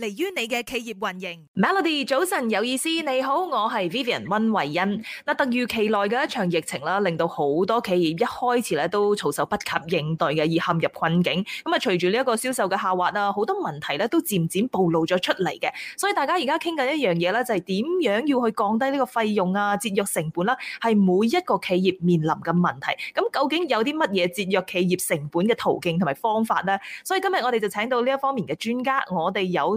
嚟於你嘅企業運營。Melody，早晨有意思，你好，我係 Vivian 溫慧欣。嗱，突如其來嘅一場疫情啦，令到好多企業一開始咧都措手不及應對嘅，而陷入困境。咁啊，隨住呢一個銷售嘅下滑啊，好多問題咧都漸漸暴露咗出嚟嘅。所以大家而家傾緊一樣嘢咧，就係、是、點樣要去降低呢個費用啊，節約成本啦、啊，係每一個企業面臨嘅問題。咁究竟有啲乜嘢節約企業成本嘅途徑同埋方法呢？所以今日我哋就請到呢一方面嘅專家，我哋有。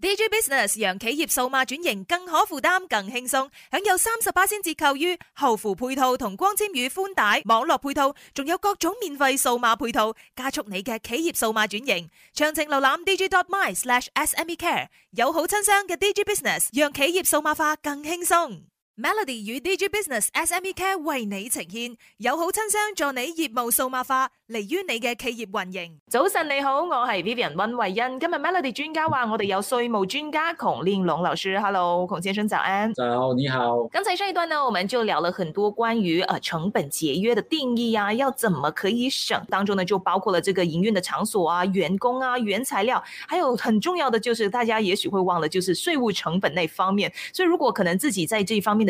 Digi Business 讓企業數碼轉型更可負擔、更輕鬆，享有三十八仙折扣於後付配套同光纖與寬帶網絡配套，仲有各種免費數碼配套，加速你嘅企業數碼轉型。詳情瀏覽 Digi dot my slash S M E Care，友好親商嘅 Digi Business 讓企業數碼化更輕鬆。Melody 與 DJ Business SME Care 為你呈現，友好親商助你業務數碼化，利於你嘅企業運營。早晨你好，我係 Vivian 溫慧欣。今日 Melody 專家話，我哋有稅務專家孔令龍老師。Hello，孔先生早安。早上，你好。剛才上一段呢，我們就聊了很多關於誒成本節約的定義啊，要怎麼可以省？當中呢就包括了這個營運的場所啊、員工啊、原材料，還有很重要的就是大家也許會忘了，就是稅務成本那方面。所以如果可能自己在這一方面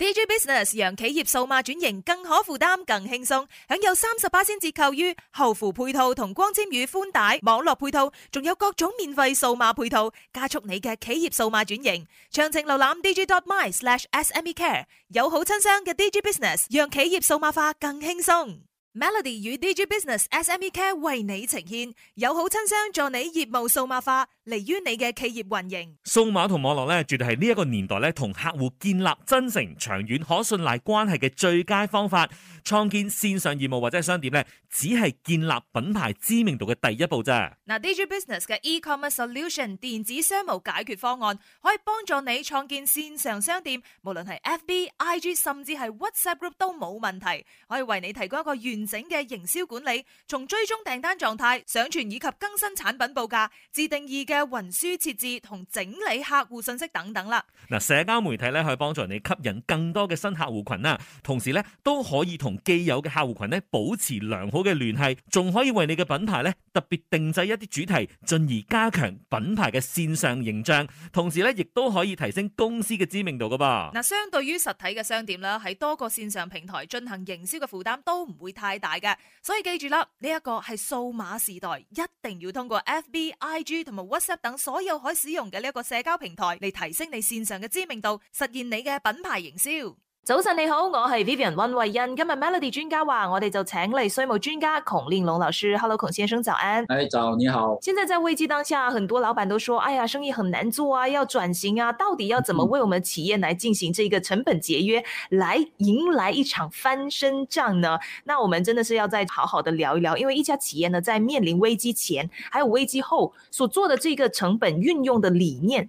Digi Business 讓企業數碼轉型更可負擔、更輕鬆，享有三十八巴仙折扣於後付配套同光纖與寬帶網絡配套，仲有各種免費數碼配套，加速你嘅企業數碼轉型。詳情瀏覽 Digi dot my slash S M E Care，友好親商嘅 Digi Business 讓企業數碼化更輕鬆。Melody 與 Digi Business S M E Care 為你呈現友好親商，助你業務數碼化。嚟於你嘅企業運營，數碼同網絡咧，絕對係呢一個年代咧，同客戶建立真誠、長遠、可信賴關係嘅最佳方法。創建線上業務或者係商店咧，只係建立品牌知名度嘅第一步啫。嗱 Digi Business 嘅 E-commerce Solution 電子商務解決方案，可以幫助你創建線上商店，無論係 FB、IG 甚至係 WhatsApp Group 都冇問題，可以為你提供一個完整嘅營銷管理，從追蹤訂單狀態、上傳以及更新產品報價，自定義嘅。嘅運輸設置同整理客戶信息等等啦。嗱，社交媒體咧可以幫助你吸引更多嘅新客戶群啦，同時咧都可以同既有嘅客戶群咧保持良好嘅聯繫，仲可以為你嘅品牌咧特別定製一啲主題，進而加強品牌嘅線上形象。同時咧亦都可以提升公司嘅知名度噶噃。嗱，相對於實體嘅商店啦，喺多個線上平台進行營銷嘅負擔都唔會太大㗎。所以記住啦，呢一個係數碼時代，一定要通過 FB、IG 同埋 w 等所有可使用嘅呢一個社交平台嚟提升你線上嘅知名度，實現你嘅品牌營銷。早晨你好，我是 Vivian 溫慧欣。今日 Melody 專家話，我哋就請嚟稅務專家孔令龍老師。Hello，孔先生早安。哎、hey, 早，你好。現在在危機當下，很多老闆都說：哎呀，生意很難做啊，要轉型啊，到底要怎麼為我們企業來進行這個成本節約，嗯、來迎來一場翻身仗呢？那我們真的是要再好好的聊一聊，因為一家企業呢，在面臨危機前，還有危機後所做的這個成本運用的理念。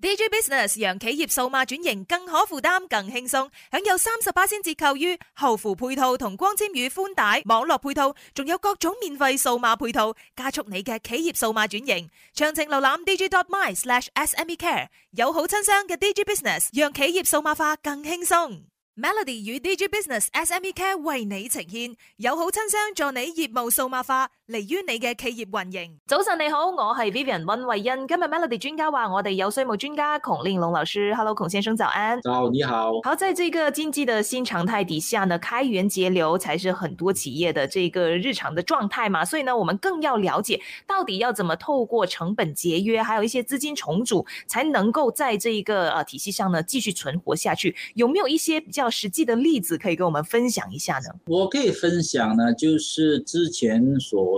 D J Business 讓企業數碼轉型更可負擔、更輕鬆，享有三十八巴仙折扣於後付配套同光纖與寬帶網絡配套，仲有各種免費數碼配套，加速你嘅企業數碼轉型。詳情瀏覽 D J dot my slash S M E Care，友好親商嘅 D J Business 讓企業數碼化更輕鬆。Melody 與 D J Business S M E Care 為你呈現友好親商，助你業務數碼化。利於你嘅企業運營。早晨你好，我係 Vivian 溫慧欣。今日 Melody 專家話我哋有稅務專家孔令龍老師。Hello，孔先生早安。早，你好。好，在這個經濟的新常態底下呢，開源節流才是很多企業的這個日常的狀態嘛。所以呢，我們更要了解到底要怎麼透過成本節約，還有一些資金重組，才能夠在這個啊體系上呢繼續存活下去。有沒有一些比較實際的例子可以跟我們分享一下呢？我可以分享呢，就是之前所。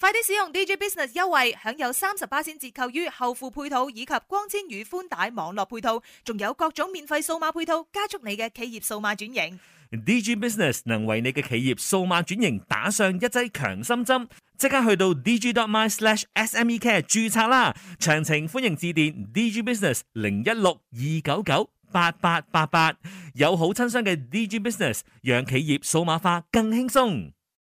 快啲使用 DG Business 優惠，享有三十八仙折扣於後付配套以及光纖與寬帶網絡配套，仲有各種免費數碼配套，加速你嘅企業數碼轉型。DG Business 能為你嘅企業數碼轉型打上一劑強心針，即刻去到 DG dot my slash S M E Care 注冊啦。詳情歡迎致電 DG Business 零一六二九九八八八八，有好親商嘅 DG Business，讓企業數碼化更輕鬆。